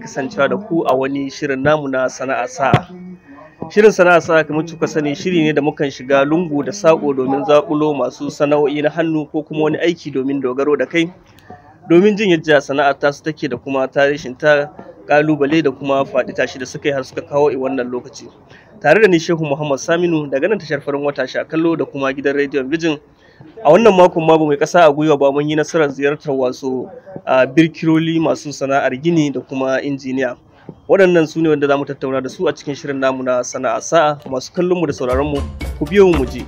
kasancewa da ku a wani shirin namu na sana'a sa'a shirin sana'a sa'a kamar kuka sani shiri ne da mukan shiga lungu da sako domin zaƙulo masu sana'o'i na hannu ko kuma wani aiki domin dogaro da kai domin jin yadda sana'a ta su take da kuma tarihin ta kalubale da kuma faɗi tashi da suka yi har suka kawo i wannan lokaci tare da ni shehu muhammad saminu daga nan tashar farin wata sha kallo da kuma gidan rediyon bijin a wannan makon ma mai kasa a gwiwa ba mun yi nasarar ziyartar wasu birkiroli masu sana'ar gini da kuma injiniya waɗannan su ne wanda za mu tattauna da su a cikin shirin namu na sana'a sa'a masu kallon mu da sauraron mu ku biyo mu je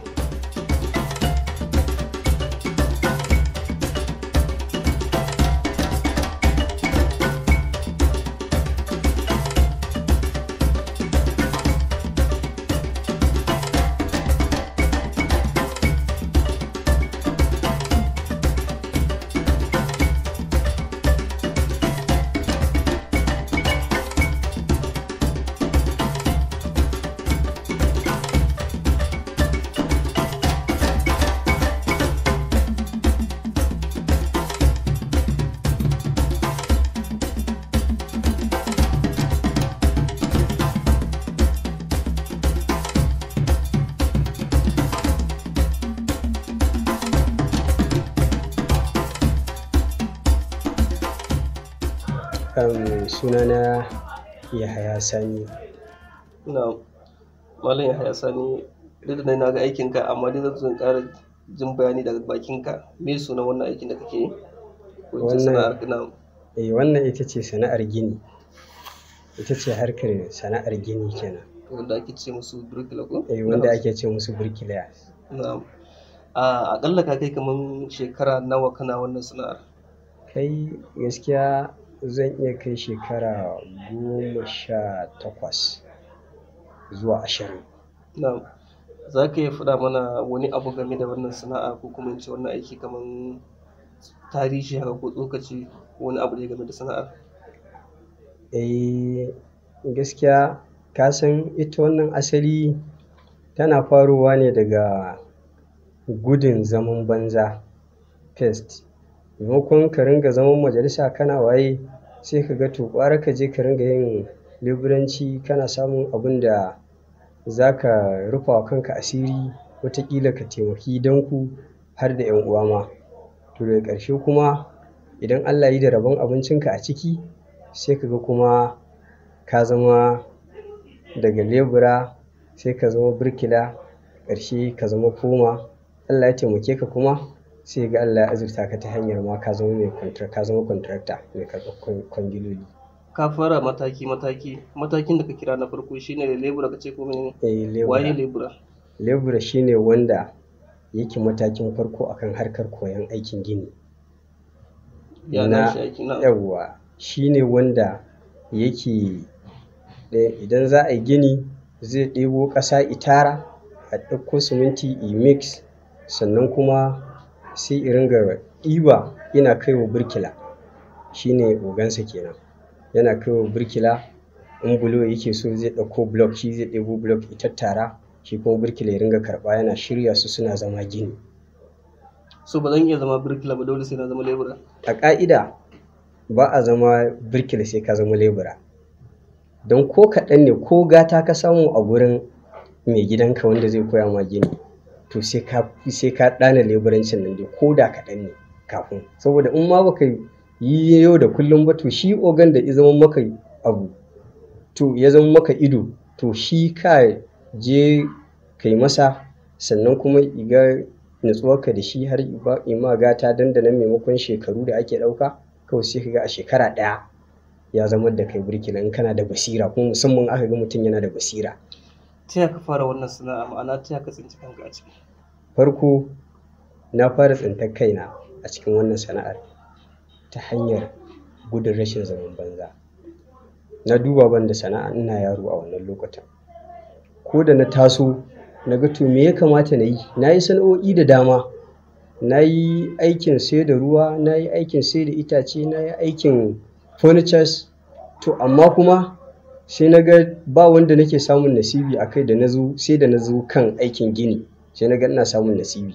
sunana Yahaya Sani. Na'am. Malam Yahaya Sani, duk da na ga aikinka amma da zan kara ƙara jin bayani daga bakinka. Me suna wannan aikin da kake yi? Eh, wannan ita ce sana'ar gini. Ita ce harkar sana'ar gini kenan. Wanda ake ce musu burkila ko? Eh wanda ake ce musu burkila. na A aƙalla ka kai kamar shekara nawa kana wannan sana'ar? Kai gaskiya zan iya kai shekara goma sha takwas zuwa ashirin. Na'am. Za ka iya faɗa mana wani abu game da wannan sana'a ko kuma in ce wannan aiki kaman tarihi haka ko tsokaci ko wani abu dai game da sana'ar? Eh, gaskiya ka san ita wannan asali tana farowa ne daga gudun zaman banza first. Maimakon ka ringa zaman majalisa kana waye sai ka ga to gwara ka je ka ringa yin leburanci kana samun abin da za ka rufa wa kanka asiri wataƙila ka taimaki ku har da 'yan uwa ma. To daga ƙarshe kuma idan Allah yi da rabon abincinka a ciki sai ka ga kuma ka zama daga lebura sai ka zama birkila ƙarshe ka zama koma Allah ya taimake ka kuma sai ga Allah ya azurta ka ta hanyar ma ka zama mai kwantar ka zama contractor mai karɓar kwangiloli ka fara mataki mataki matakin da ka kira na farko shine da lebura ka ce ko mene eh waye lebura lebura shine wanda yake matakin farko akan harkar koyon aikin gini na yawwa shine wanda yake eh, idan za a yi gini zai ɗebo ƙasa itara a ɗauko siminti e mix sannan kuma sai iringa ɗiba yana kaiwa burkila shine ogansa kenan yana kaiwa burkila in bulo yake so zai ɗauko bulok, shi zai ɗebo bulok ya tattara shi kuma burkila ya ringa karɓa yana shirya su suna zama gini so ba zan iya zama burkila ba dole sai na zama lebura a ƙa'ida ba a zama burkila sai ka zama lebura don ko kaɗan ne ko gata ka samu a gurin mai gidanka wanda zai koya ma gini to sai ka ɗana leburancin nan dai ko da kaɗan ne kafin saboda in ma baka yi yau da kullum ba to shi ogan da zama maka abu to ya zama maka ido to shi ka je ka yi masa sannan kuma iga ka da shi har ima gata dandana maimakon shekaru da ake ɗauka kawai sai ka ga a shekara ɗaya ya zama da kai burkina in kana da basira kuma musamman aka ga mutum yana da basira ta ka fara wannan sana'a ma'ana ta ka tsinci kanka a ciki farko na fara tsintar kaina a cikin wannan sana'ar ta hanyar gudun rashin zaman banza na duba ban da sana'a ina yaro a wannan lokacin ko da na taso na ga to me ya kamata na yi na yi sana'o'i da dama na yi aikin sai da ruwa na yi aikin sai da itace na yi aikin furnitures to amma kuma sai na ga ba wanda nake samun nasibi a kai da na sai da na zo kan aikin gini sai na ga ina samun nasibi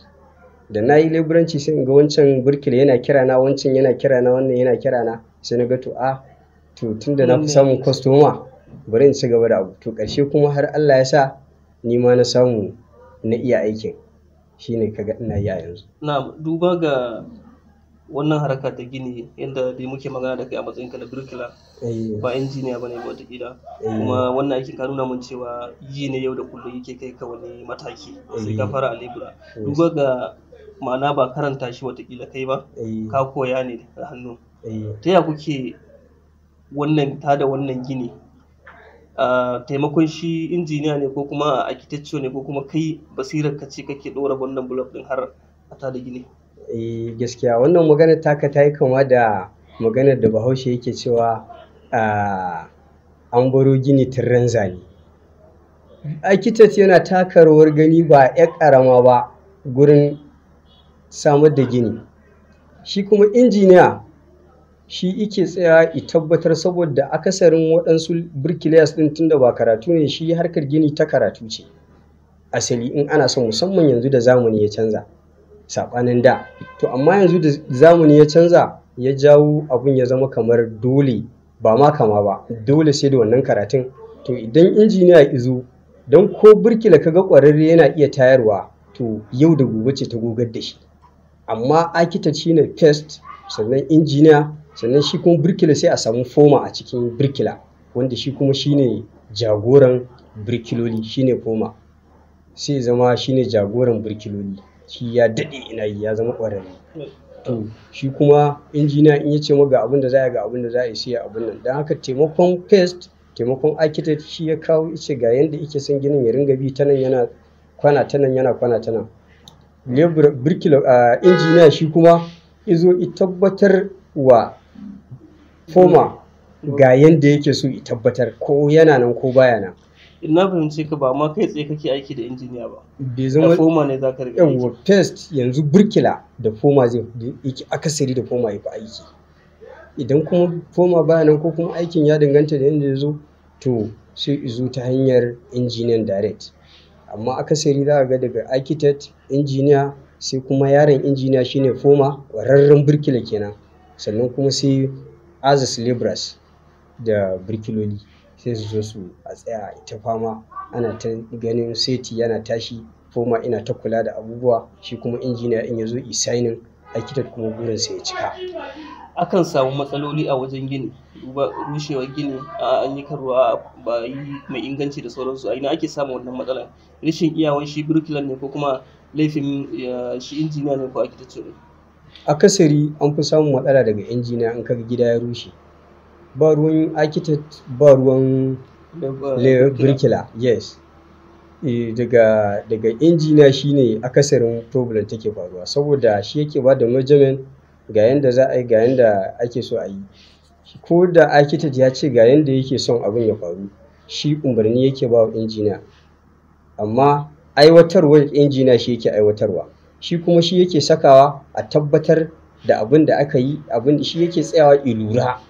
da na yi leburanci sai in ga wancan burkila yana kira na wancan yana kira na wannan yana kira na sai na ga to a ah, to tunda na fi samun kwastoma bari in ci gaba da abu to ƙarshe kuma har Allah ya sa ni ma na samu na iya aikin shine kaga ina iya yanzu na duba ga wannan haraka ta gini yadda dai muke magana da kai a matsayinka na birkila eh. ba injiniya ba ne ba gida kuma wannan aikin ka nuna mun cewa yi ne yau da kullum yake kai ka wani mataki sai ka eh. fara a lebura eh. duba ga ma'ana ba karanta shi watakila kai ba ka koya ne da hannu ta ya kuke wannan da wannan gini taimakon shi injiniya ne ko kuma architecture ne ko kuma kai basirar ka ce kake ɗora wannan bulok din har a ta da gini Eh, gaskiya wannan magana taka ta yi kama da maganar da bahaushe yake cewa ah, an baro gini turren zane architect yana taka rawar gani ba ya karama ba gurin samar da gini shi kuma injiniya shi ike tsaya i tabbatar saboda akasarin waɗansu bricklayers ɗin tunda ba karatu ne shi harkar gini ta karatu ce asali in ana son musamman yanzu da zamani ya canza saɓanin da to amma yanzu da zamani ya canza ya jawo abun ya zama kamar dole ba ma kama ba dole sai da wannan karatun to idan injiniya ya izo don ko birkila ka ga ƙwararre yana iya tayarwa to yau da gobe ce ta gogar da shi amma akita shi ne pest sannan injiniya sannan shi kuma birkila sai a samu foma a cikin birkila wanda shi kuma shine jagoran birkiloli shine foma sai zama shine jagoran birkiloli shi ya daɗe ina yi ya zama ƙwararre mm. to shi kuma injiniya in ya ce ga abin da za ga abin da za a yi sai abin nan don haka taimakon pest taimakon architect shi ya kawo ice ga yadda yake son ginin ya ringa bi ta nan yana kwana ta nan yana kwana ta nan injiniya shi kuma izo i tabbatar wa foma mm. ga yadda yake so i tabbatar ko yana nan ko baya nan na fahimci ka ba ma kai tsaye kake aiki da injiniya ba bai zama foma ne za ka riga yawa test yanzu burkila da foma zai yake akasari da foma yafi aiki idan kuma foma baya nan ko kuma aikin ya danganta da yanda ya zo to sai izo ta hanyar injiniyan direct amma akasari za ga daga architect injiniya sai kuma yaron injiniya shine foma ƙwararren burkila kenan sannan kuma sai azas libras da burkiloli sai su zo su a tsaya ita fama ana ta ganin seti yana tashi foma ina ta kula da abubuwa shi kuma injiniya in ya zo isainin architect kuma sai ya cika akan samu matsaloli a wajen gini rushewar gini an yi karuwa ba yi mai inganci da sauransu a ina ake samun wannan matsalar rashin iyawan shi birkilan ne ko kuma laifin shi injiniya ne ko architect ne akasari an fi samun matsala daga injiniya in kaga gida ya rushe ba ruwan architect ba ruwan birkila yes e, daga daga injina shine akasarin problem take faruwa saboda shi yake ba da measurement ga yanda za a yi ga yanda ake so a yi ko da architect ya ce ga yanda yake son abin ya faru shi umarni yake ba wa injina amma aiwatarwar injina shi yake aiwatarwa shi kuma shi yake sakawa a tabbatar da abin da aka yi abin shi yake tsayawa ilura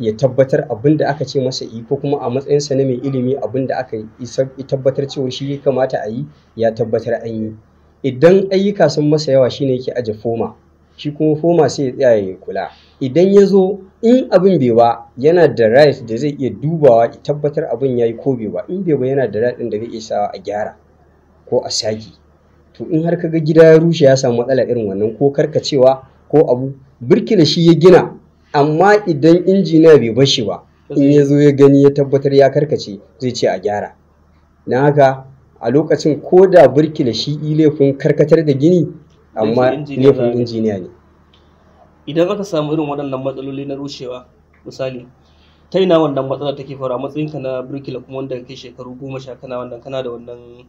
ya tabbatar abin da aka ce masa yi ko kuma a matsayinsa na mai ilimi abin da aka yi tabbatar cewa shi ya kamata a yi ya tabbatar an yi idan ayyuka sun masa yawa shi ne yake aje foma shi kuma foma sai ya tsaya ya kula idan ya zo in abin bai ba yana da right da zai iya dubawa ya tabbatar abin ya yi ko bai ba in bai yana da right da zai iya sawa a gyara ko a saki to in har ka ga gida ya rushe ya samu matsala irin wannan ko karkacewa ko abu birkina shi ya gina amma idan injiniya bai bashi ba in ya zo ya gani ya tabbatar ya karkace zai ce a gyara na haka a lokacin ko da birki da shi laifin karkatar da gini amma laifin injiniya ne idan aka samu irin waɗannan matsaloli na rushewa misali ta ina wannan matsala take fara matsayin ka na birkila kuma wanda kai shekaru goma sha kana wannan kana da wannan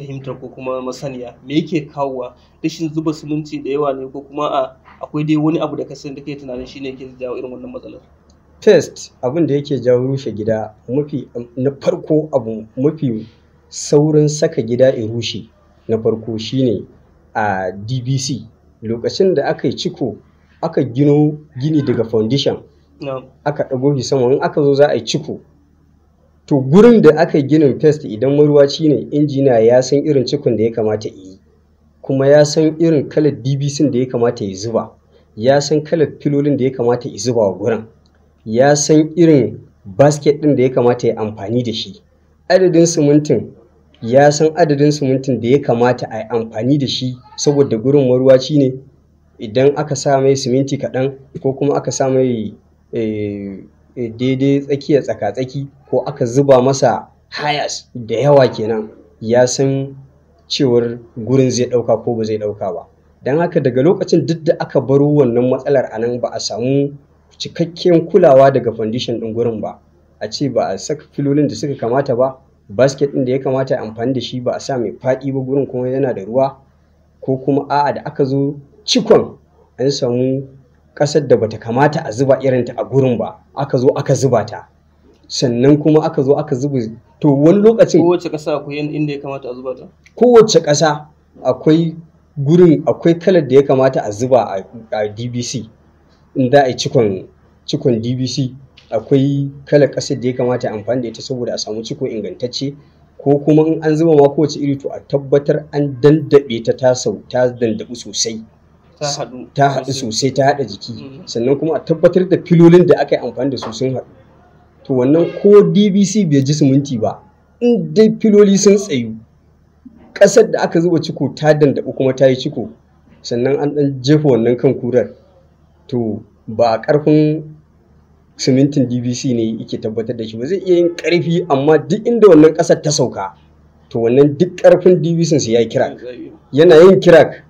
fahimtar ko kuma masaniya me yake kawowa rashin zuba siminti da yawa ne ko kuma a akwai dai wani abu da ka sani da kai tunanin shine ke jawo irin wannan matsalar pest abin da yake jawo rushe gida mafi na farko abu mafi saurin saka gida ya rushe na farko shine a dbc lokacin da aka yi ciko aka gino gini daga foundation aka ɗago shi sama in aka zo za a yi ciko to gurin da aka yi ginin pest idan maruwaci ne injina ya san irin cikon da ya kamata yi kuma ya san irin kalar dbc da ya kamata ya zuba ya san kalar filolin da ya kamata ya zuba wa gurin ya san irin basket ɗin da ya kamata ya amfani da shi adadin simintin ya san adadin simintin da ya kamata a yi amfani da shi saboda gurin maruwaci ne idan aka sa mai siminti kaɗan ko kuma aka sa mai eh, eh, daidai tsakiya tsaka-tsaki ko aka zuba masa hayas da yawa kenan ya san cewar gurin zai ɗauka ko ba zai ɗauka ba don haka daga lokacin duk da aka baro wannan matsalar a nan ba a samu cikakken kulawa daga foundation ɗin gurin ba a ce ba a saka filolin da suka kamata ba basket ɗin da ya kamata amfani da shi ba a sa mai faɗi ba gurin kuma yana da ruwa ko kuma a'a da aka zo cikon an samu ƙasar da bata kamata a zuba irinta a gurin ba aka zo aka zuba ta sannan kuma aka zo aka zuba to wani lokacin kowace ƙasa akwai inda ya kamata a zuba ta kowace ƙasa akwai gurin akwai kalar da ya kamata a zuba a dbc in a yi cikon dbc akwai kalar kasar da ya kamata a amfani da ita saboda a samu ciko ingantacce ko kuma in an zuba ma kowace iri to a tabbatar an dandaɓe ta ta sau ta dandaɓu sosai ta haɗu sosai ta haɗa jiki mm-hmm. sannan kuma a tabbatar da filolin da aka yi amfani da su sun haɗu to wannan ko dbc bai ji siminti ba in dai filoli sun tsayu ƙasar da aka zuba ciko ta danda kuma ta yi ciko sannan an ɗan jefa wannan kan kurar to ba a ƙarfin simintin dbc ne yake tabbatar da shi ba zai iya yin ƙarfi amma duk inda wannan ƙasar ta sauka to wannan duk ƙarfin dbc su ya yi kirak yana yin kirak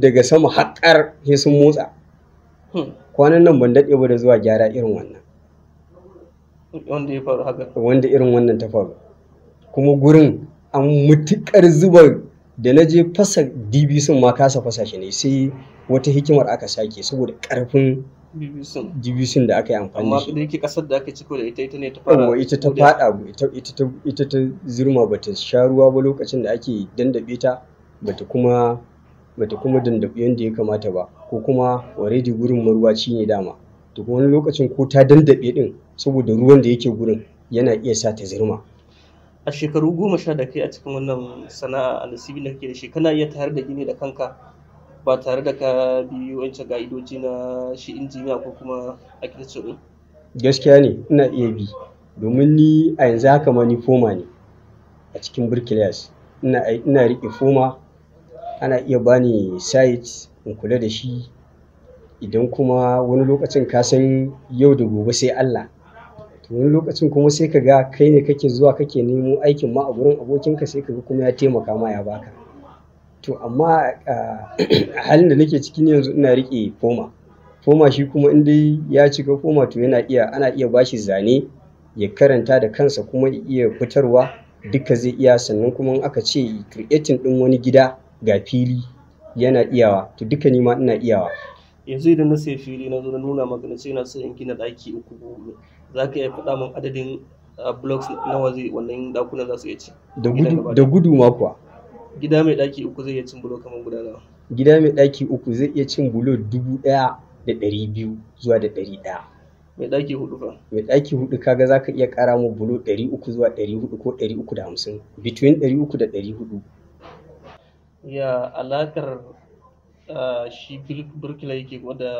daga sama haƙar sun motsa hmm. kwanan nan ban daɗe ba da zuwa gyara irin wannan wanda ya faru haka wanda irin wannan ta faru kuma gurin an mutukar zuba da na je fasa dbc ma kasa fasa shi ne sai wata hikimar aka sake saboda karfin dbc da aka yi amfani amma da yake kasar da aka ciko da ita ita ne ta fara ita ta fada ita ta zirma bata sha ruwa ba lokacin da ake dandabe ta bata kuma bata kuma dandabe yadda ya kamata ba ko kuma already gurin maruwaci ne dama to wani lokacin ko ta dandabe din saboda ruwan da yake gurin yana iya sa ta zirma a shekaru goma sha da kai a cikin wannan sana'a a nasibi da kake da shi kana iya tayar da gini da kanka ba tare da ka bi wancan ga'idoji na shi injiniya ko kuma architecture din gaskiya ne ina iya bi domin ni a yanzu haka ma ni foma ne a cikin Birkilas ina ina riƙe foma ana iya bani site in kula da shi idan kuma wani lokacin ka san yau da gobe sai Allah wani lokacin kuma sai ka ga kai ne kake zuwa kake nemo aikin ma a gurin abokinka sai ka kuma ya taimaka ma ya baka to amma a ah, halin da nake cikin yanzu ina riƙe foma foma shi kuma in dai ya cika foma to yana iya ana iya bashi zane ya karanta da kansa kuma iya fitarwa duka zai iya sannan kuma aka ce creating din wani gida ga fili yana iyawa to duka ni ma ina iyawa yanzu idan na sai fili na zo na nuna maka na ce na so in gina daki uku za ka iya faɗa min adadin ah, blocks nawa zai wannan dakunan za su iya ci da gudu ma kuwa gida mai ɗaki uku zai iya cin bulo kamar guda nawa gida mai ɗaki uku zai iya cin bulo dubu ɗaya da ɗari biyu zuwa da ɗari ɗaya mai ɗaki hudu fa mai ɗaki hudu kaga za ka iya ƙara mu bulo ɗari uku zuwa ɗari hudu ko ɗari uku da hamsin between ɗari uku da ɗari hudu ya alakar ah, shi birkila yake da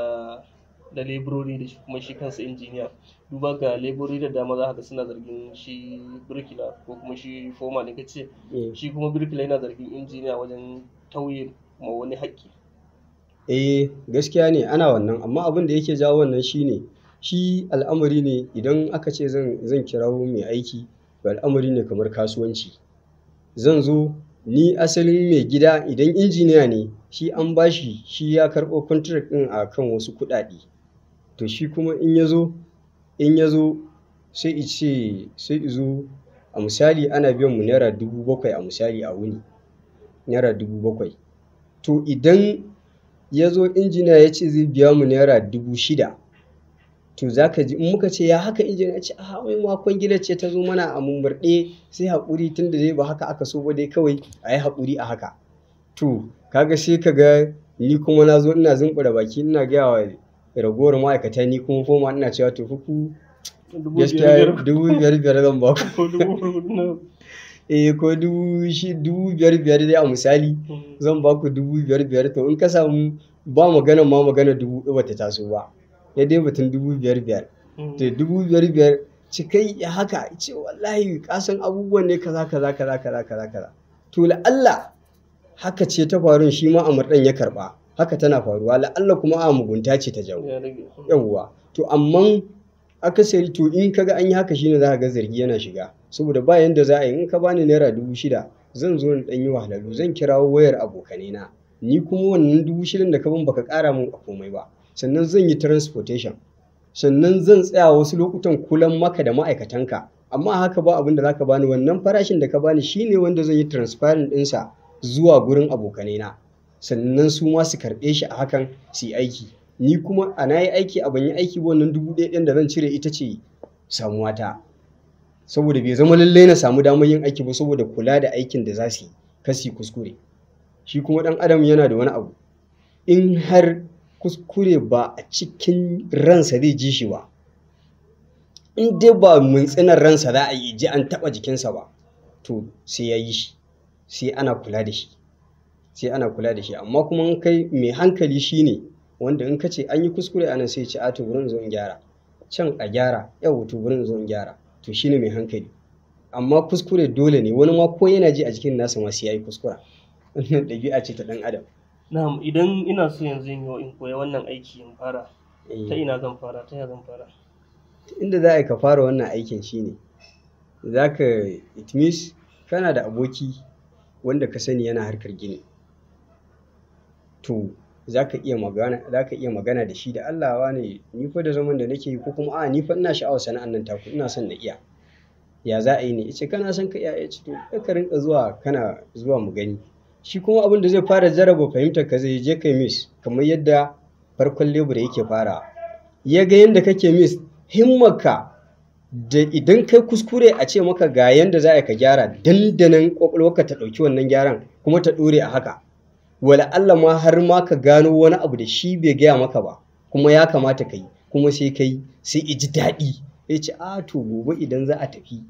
da leburori da kuma shi kansa injiniya duba ga leburori da dama za ka suna zargin shi birkila ko kuma shi foma ne ka ce eh. shi kuma birkila yana zargin injiniya wajen tauye ma wani haƙƙi eh gaskiya ne ana wannan amma abin da yake jawo wannan shine shi al'amari ne idan aka ce zan kirawo mai aiki to al'amari ne kamar kasuwanci zan zo ni asalin mai gida idan injiniya ne shi an bashi shi ya karɓo contract ɗin a kan wasu kuɗaɗe to shi kuma in ya zo in ya sai i ce sai izo. zo a misali ana biyan mu naira dubu bakwai a misali a wuni naira dubu bakwai to idan ya zo injiniya ya ce zai biya mu naira dubu shida to za ka ji in muka ce ya haka injiniya ce a wai makon gida ce ta zo mana a mummurɗe sai haƙuri tunda da dai ba haka aka so ba dai kawai a yi haƙuri a haka to kaga sai ka ga ni kuma na zo ina zumbura baki ina gaya wa ragowar ma'aikata ni kuma foma ina cewa to kuku gaskiya dubu biyar biyar zan ba ku eh ko dubu shi dubu biyar biyar dai a misali hmm. zan ba ku dubu biyar biyar to in ka samu ba magana ma magana dubu ɗaya ta taso ba ya dai batun dubu biyar biyar hmm. to dubu biyar biyar cikai ya haka ce wallahi kasan abubuwan ne kaza kaza kaza kaza kaza kaza to la'alla haka ce ta faru shi ma amurɗan ya karɓa haka tana faruwa la'alla kuma a mugunta ce ta jawo yawwa to amma akasari to in kaga an yi haka shine za ka ga zargi yana shiga saboda ba yanda za a yi in ka bani naira dubu shida zan zo na dan yi wahalalu zan kirawo wayar abokanai na ni kuma wannan dubu shidan da ka ban baka kara min a komai ba sannan zan yi transportation sannan zan tsaya wasu lokutan kulan maka da ma'aikatanka amma haka ba abin da ka bani wannan farashin da ka bani shine wanda zan yi transparent ɗinsa zuwa gurin abokanai sannan su ma su karɓe shi a hakan su yi aiki ni kuma a na yi aiki a ban yi aiki ba wannan dubu ɗaya ɗin da zan cire ita ce samuwa ta. saboda bai zama lallai na samu damar yin aiki ba saboda kula da aikin da za su yi kasi kuskure shi kuma ɗan adam yana da wani abu in har kuskure ba a cikin ransa zai ji shi ba in dai ba muntsinar ransa za a yi ji an taɓa jikinsa ba to sai ya yi shi sai ana kula da shi sai ana kula da shi amma kuma in kai mai hankali shine wanda in ka ce an yi kuskure anan sai ce a to wurin zo in gyara can a gyara yau to wurin zo in gyara to shine mai hankali amma kuskure dole ne wani ma ko yana ji a jikin nasa ma sai yayi kuskura wannan ɗabi'a ce ta ɗan adam na'am idan ina so yanzu in yi koyi koya wannan aiki in fara eh. ta ina zan fara ta ya zan fara inda za a ka fara wannan aikin shine za ka it means kana da aboki wanda ka sani yana harkar gini to zaka iya magana zaka iya magana da shi da Allah ne ni fa da zaman da nake yi ko kuma a ni fa ina sha'awar sana'an nan taku ina son na iya ya za a yi ne yace kana son ka iya yace to ka rinka zuwa kana zuwa mu gani shi kuma abin da zai fara jaraba fahimtar ka zai je kai miss kamar yadda farkon lebur yake fara ya ga yadda kake miss himmarka da idan kai kuskure a ce maka ga yadda za a ka gyara dandanan kwakwalwarka ta ɗauki wannan gyaran kuma ta ɗore a haka wala Allah ma har ma ka gano wani abu da shi bai gaya maka ba kuma ya kamata ka yi kuma sai ka yi sai iji daɗi ya ce a ah, to gobe idan za a tafi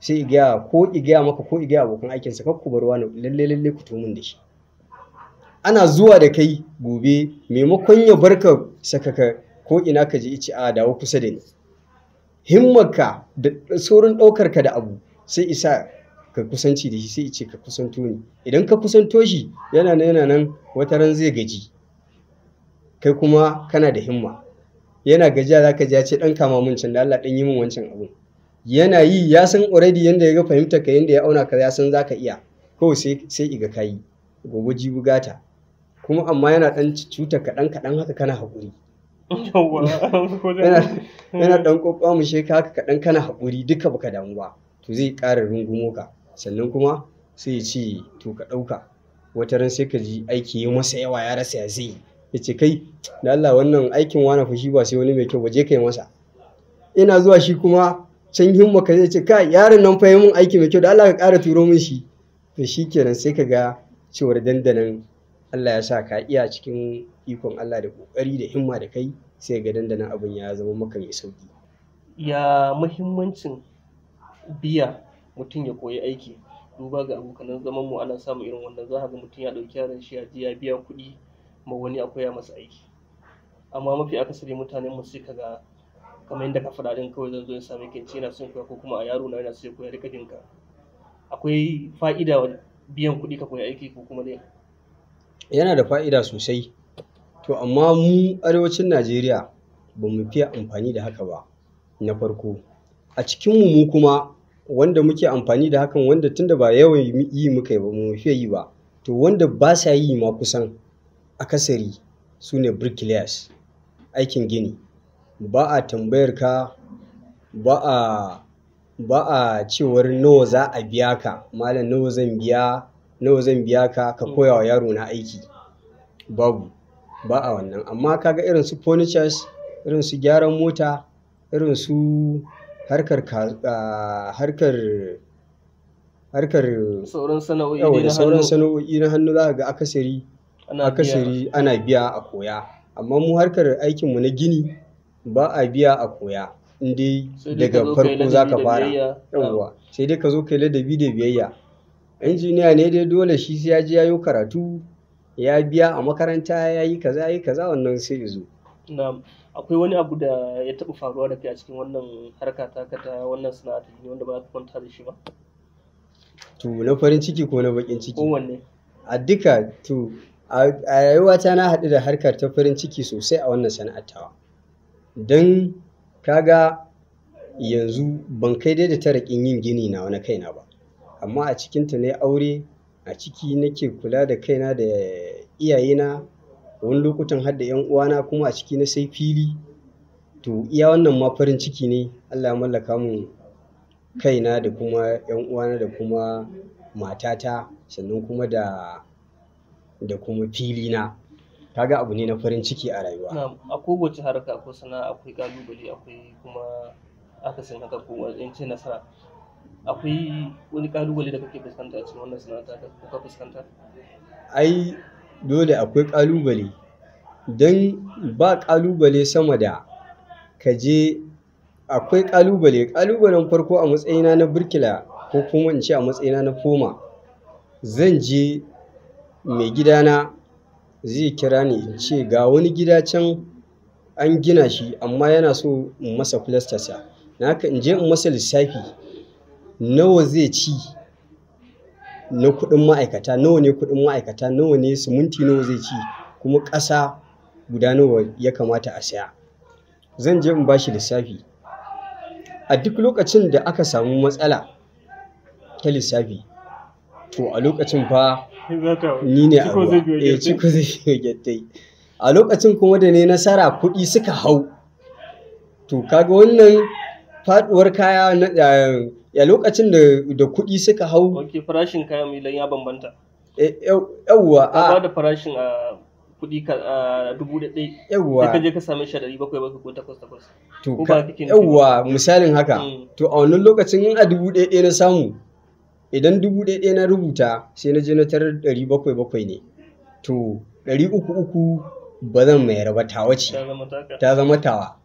sai gaya ko gaya maka ko gaya abokan aikinsa kar ku bar wani lalle lalle ku tomin da shi ana zuwa da kai gobe maimakon ya barka sakaka ko ina ka je ice a dawo kusa da ni himmarka da saurin ka da abu sai isa ka kusanci da shi sai ce ka kusanto ni idan ka kusanto shi yana nan yana nan wata ran zai gaji kai kuma kana da himma yana gajiya zaka ji ce dan kama mun can da Allah dan yi mun wancan abun yana yi ya san already yanda ya ga fahimta ka yanda ya auna ka ya san zaka iya ko sai sai iga kayi gobe ji bugata. kuma amma yana dan cuta kaɗan kaɗan haka kana hakuri yana dan kwakwamushe ka haka kaɗan kana haƙuri duka baka damu ba to zai ƙara rungumo ka sannan kuma sai ya ce to ka ɗauka wata ran sai ka ji aiki yi masa yawa ya rasa ya zai ya ce kai da Allah wannan aikin wani fushi ba sai wani mai kyau ba je kai masa ina zuwa shi kuma can himma ka zai ce kai yaron nan fa mun aiki mai kyau da Allah ka ƙara turo min shi to shi kenan sai ka ga cewar dandanan Allah ya sa ka iya cikin ikon Allah da ƙoƙari da himma da kai sai ga dandanan abin ya zama maka mai sauƙi ya muhimmancin biya mutum ya koyi aiki duba ga abokanan zaman mu ana samun irin wannan za ga mutum ya ɗauki yaron shi ya ya biya kuɗi ma wani a koya masa aiki amma mafi akasari mutanen mu sai kaga kamar yadda ka faɗa ɗin kawai zan zo in same ka ce ina son koya ko kuma a yaro na yana so ya koya rika jinka akwai fa'ida biyan kuɗi ka koya aiki ko kuma dai yana da fa'ida sosai to amma mu arewacin najeriya ba mu fiye amfani da haka ba na farko a cikinmu mu kuma wanda muke amfani da hakan wanda tunda ba yawan yi muka yi ba mu fiye yi ba to wanda ba sa yi ma kusan akasari su ne bricklayers aikin gini ba a tambayar ka ba a ba a cewar nawa za a biya ka malam nawa zan biya nawa zan biya ka ka mm. koya wa yaro na aiki babu ba a wannan amma kaga irin su furnitures irin su gyaran mota irin su harkar harkar harkar sauran sana'o'i na sauran sana'o'i na hannu za ga akasari akasari ana biya a koya amma mu harkar aikin mu na gini ba a biya a koya in daga farko za ka fara yawa sai dai ka zo kai ladabi da biyayya injiniya ne dai dole shi sai ya je ya yi karatu ya biya a makaranta ya yi kaza ya yi kaza wannan sai ya zo na akwai wani abu da ya taɓa faruwa da kai a cikin wannan harka ta ka wannan sana'ar ta wanda ba ka kwanta da shi ba to na farin ciki ko na bakin ciki kowanne a duka to a rayuwata na haɗu da harkar ta farin ciki sosai a wannan sana'ar tawa don kaga yanzu ban kai dai da tarakin yin gini na wani kaina ba amma a cikinta na aure a ciki nake kula da kaina da iyayena wani lokutan hadda yan uwana kuma a ciki na sai fili to iya wannan ma farin ciki ne Allah ya mallaka mun kaina da kuma yan uwana da kuma matata sannan kuma da da kuma filina kaga abu ne na farin ciki a rayuwa a kowace harka ko sana akwai kalubale akwai kuma akasin haka ko wajen ce nasara akwai wani kalubale da kake fuskanta a cikin wannan sana'a da kuka fuskanta ai dole akwai ƙalubale. Don ba ƙalubale sama da ka je akwai ƙalubale. Ƙalubalen farko a matsayina na birkila ko kuma in ce a matsayina na foma, zan je maigidana zai kira ni in ce ga wani gida can an gina shi amma yana so in masa filastarsa. na haka in je in masa lissafi nawa zai ci. na kuɗin ma'aikata nawa ne kuɗin ma'aikata nawa ne siminti nawa zai ci kuma ƙasa guda nawa ya kamata a saya zan je in ba shi lissafi a duk lokacin da aka samu matsala ta lissafi to a lokacin fa ni ne a zai eh, ciko zai a lokacin kuma da ne nasara kuɗi suka hau to kaga wannan faɗuwar kaya na eh, ya lokacin da kuɗi suka hau ok farashin kayan milan ya bambanta eh, yawwa a ba da farashin a kuɗi ka dubu da ɗai yawwa ka je ka same shi ɗari bakwai bakwai ko takwas takwas to yawwa misalin haka mm. to a wannan lokacin in a dubu ɗai ɗai na samu idan dubu ɗai ɗai na rubuta sai na je na tarar ɗari bakwai bakwai ne to ɗari uku uku ba zan mai raba tawa ce ta zama tawa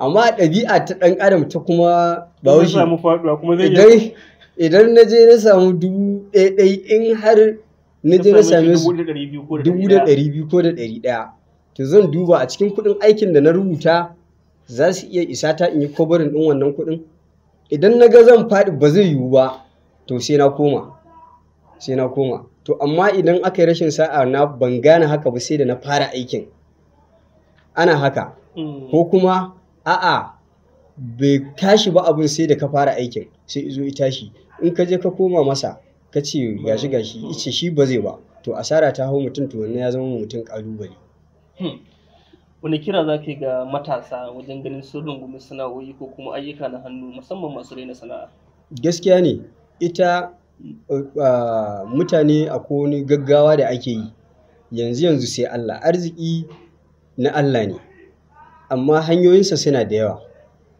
amma ɗabi'a ta ɗan adam ta kuma ba idan idan na je na samu dubu ɗaiɗai in har na je na sami su dubu da ɗari biyu ko da ɗari ɗaya to zan duba a cikin kuɗin aikin da na rubuta za su iya isa ta in yi kobarin ɗin wannan kuɗin idan na ga zan faɗi ba zai yiwu ba to sai na koma sai na koma to amma idan aka yi rashin sa'a na ban gane haka ba sai da na fara aikin ana haka hmm. ko kuma a'a bai tashi ba abin sai da ka fara aikin sai izo ya tashi in ka je ka koma masa ka ce gashi gashi ice shi ba zai ba to asara ta hau mutum to wannan ya zama mutum kalubale hmm. wani kira za ka ga matasa wajen ganin sun rungumi sana'o'i ko kuma ayyuka na hannu musamman masu raina sana'a gaskiya ne ita mutane a wani gaggawa da ake yi yanzu yanzu sai allah arziki na allah ne amma hanyoyinsa suna da yawa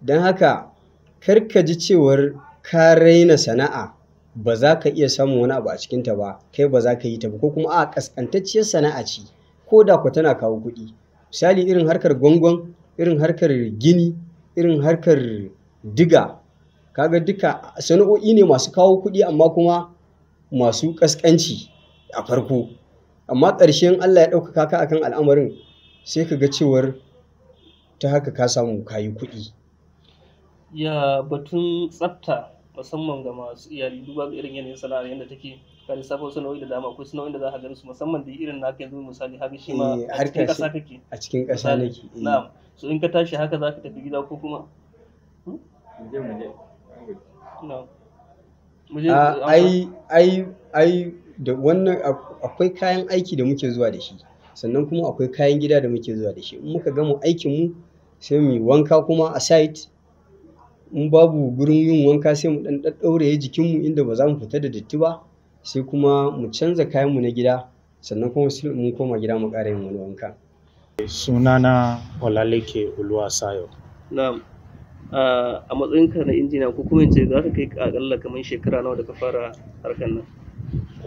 don haka karka ji cewar ka raina sana'a ba za ka iya samun wani abu a cikinta ba kai ba za ka yi ta ba ko kuma a kaskantacciyar sana'a ce ko da ku tana kawo kuɗi misali irin harkar gwangwan irin harkar gini irin harkar diga kaga duka sana'o'i ne masu kawo kuɗi amma kuma masu ƙasƙanci a farko amma ƙarshen allah ya ɗaukaka ka akan al'amarin sai ka ga cewar ta haka ka samu ka yi kuɗi ya batun tsafta musamman ga masu iyali duba ga irin yanayin sana'ar yadda take ka wasu nau'in da dama akwai nau'in da za ka gani su musamman da irin naka yanzu misali haka shi ma eh, a cikin ƙasa kake a cikin ƙasa nake eh. na'am so in ka tashi haka za ka tafi gida ko kuma hmm? ah, ai ai ai da wannan akwai kayan aiki da muke zuwa da shi sannan kuma akwai kayan gida da muke zuwa da shi in muka gama aikin mu sai mu yi wanka kuma a site in babu gurin yin wanka sai mu ɗan ɗaɗɗauraye jikinmu inda ba za mu fita da datti ba sai kuma mu canza kayanmu na gida sannan kuma sai mu koma gida mu ƙara yin wani wanka. sunana olaleke oluwasayo na'am a matsayinka na injina ko kuma ce za ka kai akalla kamar shekara nawa da ka fara harkar nan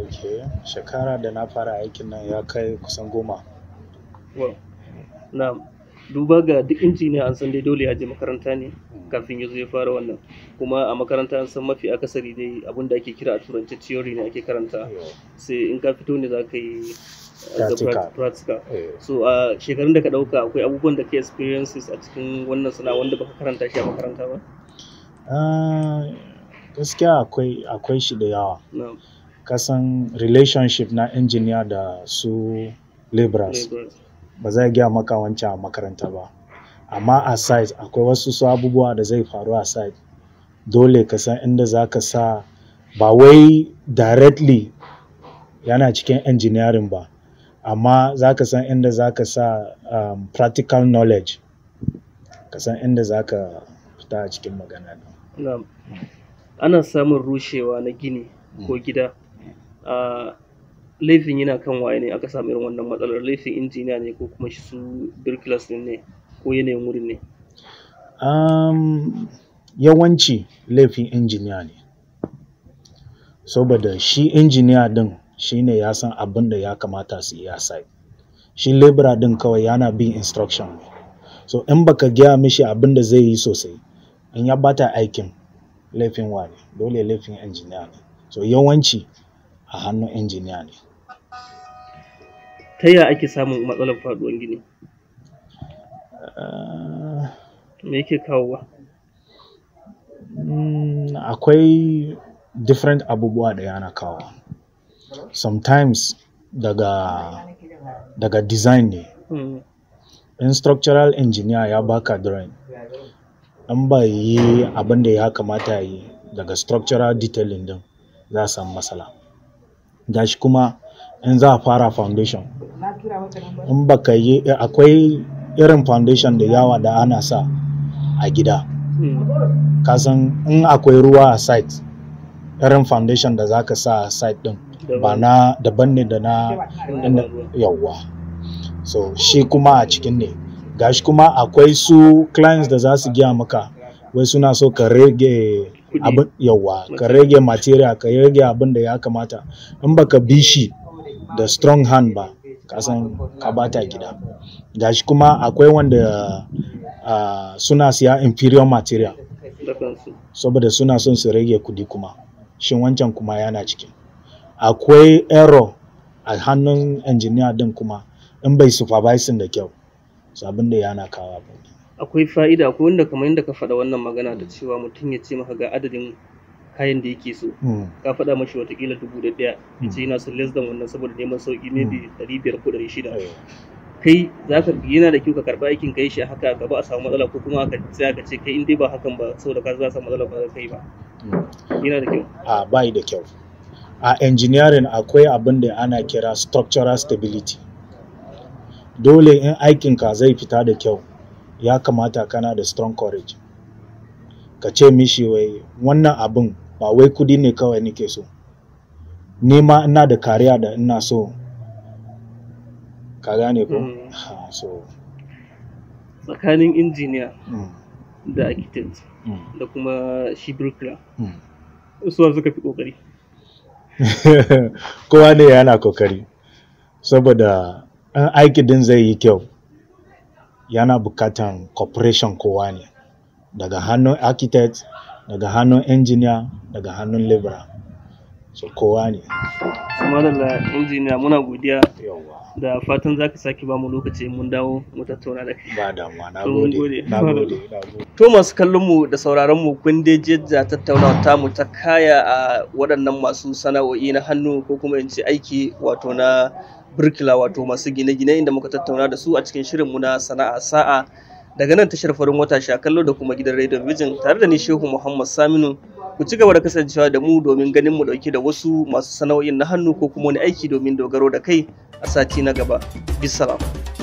ok shekara da na fara aikin nan ya kai kusan goma na'am duba ga duk injiniya an san dai dole ya je makaranta ne kafin ya ya fara wannan kuma a makaranta an san mafi akasari dai abin da ake kira a turance theory ne ake karanta sai in ka fito ne za ka yi uh, practical eh. so a shekarun da ka dauka akwai abubuwan da ka experiences a cikin wannan sana'a wanda baka karanta shi a makaranta ba ah, gaskiya akwai akwai shi da yawa kasan relationship na engineer da su laborers ba zai gaya maka wancan a makaranta ba amma a site akwai wasu su abubuwa da zai faru a site dole ka san inda za ka sa ba wai directly yana cikin engineering ba amma za ka san inda za ka sa um, practical knowledge ka san inda za ka fita a cikin magana ana samun rushewa na gini ko hmm. gida ah, laifin yana kan waye ne aka samu irin wannan matsalar laifin injiniya ne ko kuma su birkilas ne ko yanayin wurin ne yawanci laifin injiniya ne saboda shi injiniya din shi ne ya san abin da ya kamata su yi a site shi lebura din kawai yana bin instruction ne so in baka gaya mishi abin da zai yi sosai in ya bata aikin laifin wane dole laifin injiniya ne so yawanci a hannun injiniya ne ta yaya ake samun matsalar faduwar gini ah. me yake kawowa hmm, akwai different abubuwa da yana kawo sometimes daga daga design ne hmm. in structural engineer ya baka drawing an bayi yi abin da ya kamata yi daga structural detailing din za a samu matsala gashi kuma in za a fara foundation in baka yi akwai irin foundation da yawa da ana sa a gida hmm. kasan in akwai ruwa a site irin foundation da za ka sa a site din ba na daban ne da na yawwa so shi kuma a cikin ne gashi kuma akwai su clients da za su giya maka wai suna so ka rage abin yawwa, ka rage material ka rage abin da ya kamata in baka bi shi da strong hand ba kasan ka bata gida gashi kuma akwai wanda uh, suna siya inferior material saboda suna son su rage kudi kuma shin wancan kuma yana cikin? akwai error a hannun engineer din kuma in bai supervising da kyau sabin da yana kawa. akwai fa'ida akwai wanda kamar yadda ka faɗa wannan magana da cewa mutum ya ce maka ga adadin kayan da yake so hmm. ka faɗa mashi watakila dubu da ɗaya ya ce yana hmm. son less than wannan saboda neman sauƙi ne hmm. da ɗari biyar ko ɗari shida kai za ka yana da kyau ka karɓi aikin kai shi a haka gaba a samu matsala ko kuma ka tsaya ka ce kai in dai ba hakan ba saboda ka za a samu matsala ba kai ba yana da kyau a bai da kyau a engineering akwai abin da ana kira structural stability dole in aikinka zai fita da kyau ya kamata kana da strong courage ka ce mishi wai wannan abin ba wai kudi ne kawai nake so ni ma ina da kariya da ina so ka gane ko mm. so tsakanin injiniya mm. da architect mm. da kuma shi burkula suwa suka fi kokari kowa ne yana kokari saboda ɗan aiki din zai yi kyau yana bukatan corporation kowa ne daga hannun architect daga hannun injiniya daga hannun libra so kowa ne madalla injiniya muna godiya da fatan za ka sake ba mu lokaci mun dawo mu tattauna da kai ba ma na gode na gode to masu kallon mu da sauraron mu kun dai jejja tattaunawa ta mu ta kaya a waɗannan masu sana'o'i na hannu ko kuma in ce aiki wato na birkila wato masu gine-gine inda muka tattauna da su a cikin shirin mu na sana'a sa'a daga nan tashar farin wata sha kallo da kuma gidan radio vision tare da ni shehu muhammad saminu ku ci gaba da kasancewa da mu domin ganin mu dauke da wasu masu sana'o'in na hannu ko kuma wani aiki domin dogaro da kai a sati na gaba bisalam